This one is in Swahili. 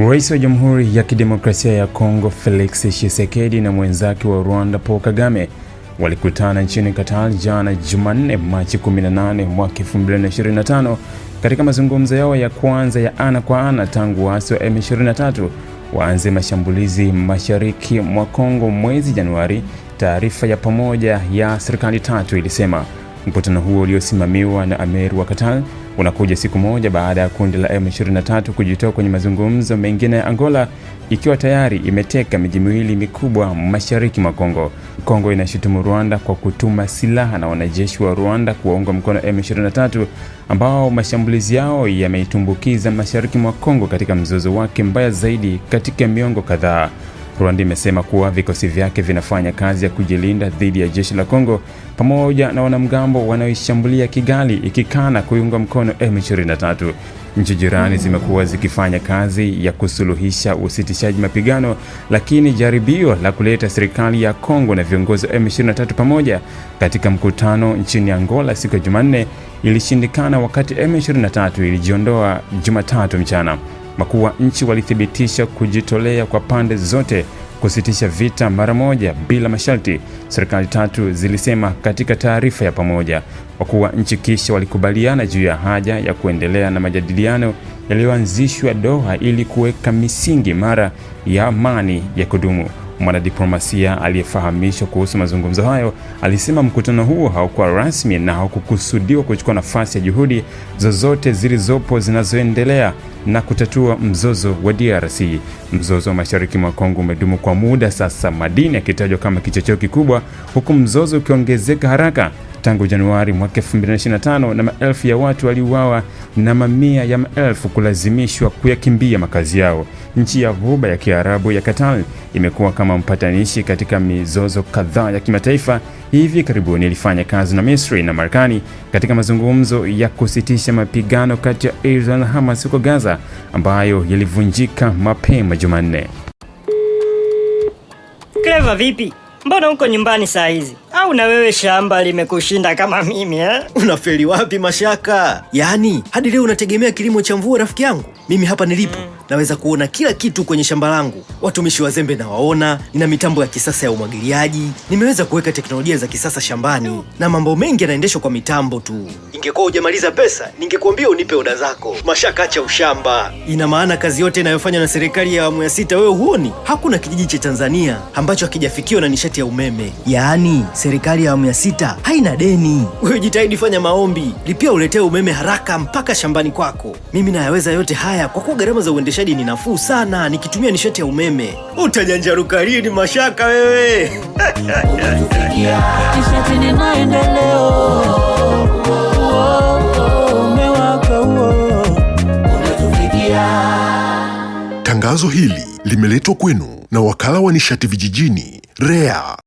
Rais wa Jamhuri ya Kidemokrasia ya Kongo Felix Tshisekedi na mwenzake wa Rwanda Paul Kagame walikutana nchini Qatar jana Jumanne, Machi 18 mwaka 2025 katika mazungumzo yao ya kwanza ya ana kwa ana tangu waasi wa M23 waanze mashambulizi mashariki mwa Kongo mwezi Januari, taarifa ya pamoja ya serikali tatu ilisema. Mkutano huo uliosimamiwa na Amir wa Qatar unakuja siku moja baada ya kundi la M23 kujitoa kwenye mazungumzo mengine ya Angola ikiwa tayari imeteka miji miwili mikubwa mashariki mwa Kongo. Kongo inashutumu Rwanda kwa kutuma silaha na wanajeshi wa Rwanda kuwaunga mkono M23 ambao mashambulizi yao yameitumbukiza mashariki mwa Kongo katika mzozo wake mbaya zaidi katika miongo kadhaa. Rwanda imesema kuwa vikosi vyake vinafanya kazi ya kujilinda dhidi ya jeshi la Kongo pamoja na wanamgambo wanaoishambulia Kigali, ikikana kuiunga mkono M23. Nchi jirani zimekuwa zikifanya kazi ya kusuluhisha usitishaji mapigano, lakini jaribio la kuleta serikali ya Kongo na viongozi wa M23 pamoja katika mkutano nchini Angola siku ya Jumanne ilishindikana, wakati M23 ilijiondoa Jumatatu mchana. Makuu wa nchi walithibitisha kujitolea kwa pande zote kusitisha vita mara moja bila masharti, serikali tatu zilisema katika taarifa ya pamoja. Wakuu wa nchi kisha walikubaliana juu ya haja ya kuendelea na majadiliano yaliyoanzishwa Doha ili kuweka misingi mara ya amani ya kudumu. Mwanadiplomasia aliyefahamishwa kuhusu mazungumzo hayo alisema mkutano huo haukuwa rasmi na haukukusudiwa kuchukua nafasi ya juhudi zozote zilizopo zinazoendelea na kutatua mzozo wa DRC. Mzozo wa mashariki mwa Kongo umedumu kwa muda sasa, madini yakitajwa kama kichocheo kikubwa, huku mzozo ukiongezeka haraka tangu Januari mwaka 2025 na maelfu ya watu waliuawa na mamia ya maelfu kulazimishwa kuyakimbia makazi yao. Nchi ya Ghuba ya Kiarabu ya Qatar imekuwa kama mpatanishi katika mizozo kadhaa ya kimataifa. Hivi karibuni ilifanya kazi na Misri na Marekani katika mazungumzo ya kusitisha mapigano kati ya Israel na Hamas huko Gaza ambayo yalivunjika mapema Jumanne. Kleva, vipi? Mbona uko nyumbani saa hizi? Au na wewe shamba limekushinda kama mimi eh? Unafeli wapi Mashaka? Yaani hadi leo unategemea kilimo cha mvua, rafiki yangu? Mimi hapa nilipo mm naweza kuona kila kitu kwenye shamba langu. Watumishi wazembe nawaona, nina mitambo ya kisasa ya umwagiliaji, nimeweza kuweka teknolojia za kisasa shambani na mambo mengi yanaendeshwa kwa mitambo tu. Ingekuwa hujamaliza pesa, ningekuambia unipe oda zako. Mashaka, acha ushamba. Ina maana kazi yote inayofanywa na serikali ya awamu ya sita wewe huoni? Hakuna kijiji cha Tanzania ambacho hakijafikiwa na nishati ya umeme. Yaani serikali ya awamu ya sita haina deni. Wewe jitahidi, fanya maombi, lipia, uletee umeme haraka mpaka shambani kwako. Mimi nayaweza yote haya kwa kuwa gharama za uendeshaji uzalishaji ni nafuu sana nikitumia nishati ya umeme. Utajanjaruka lini Mashaka wewe? Tangazo hili limeletwa kwenu na wakala wa nishati vijijini REA.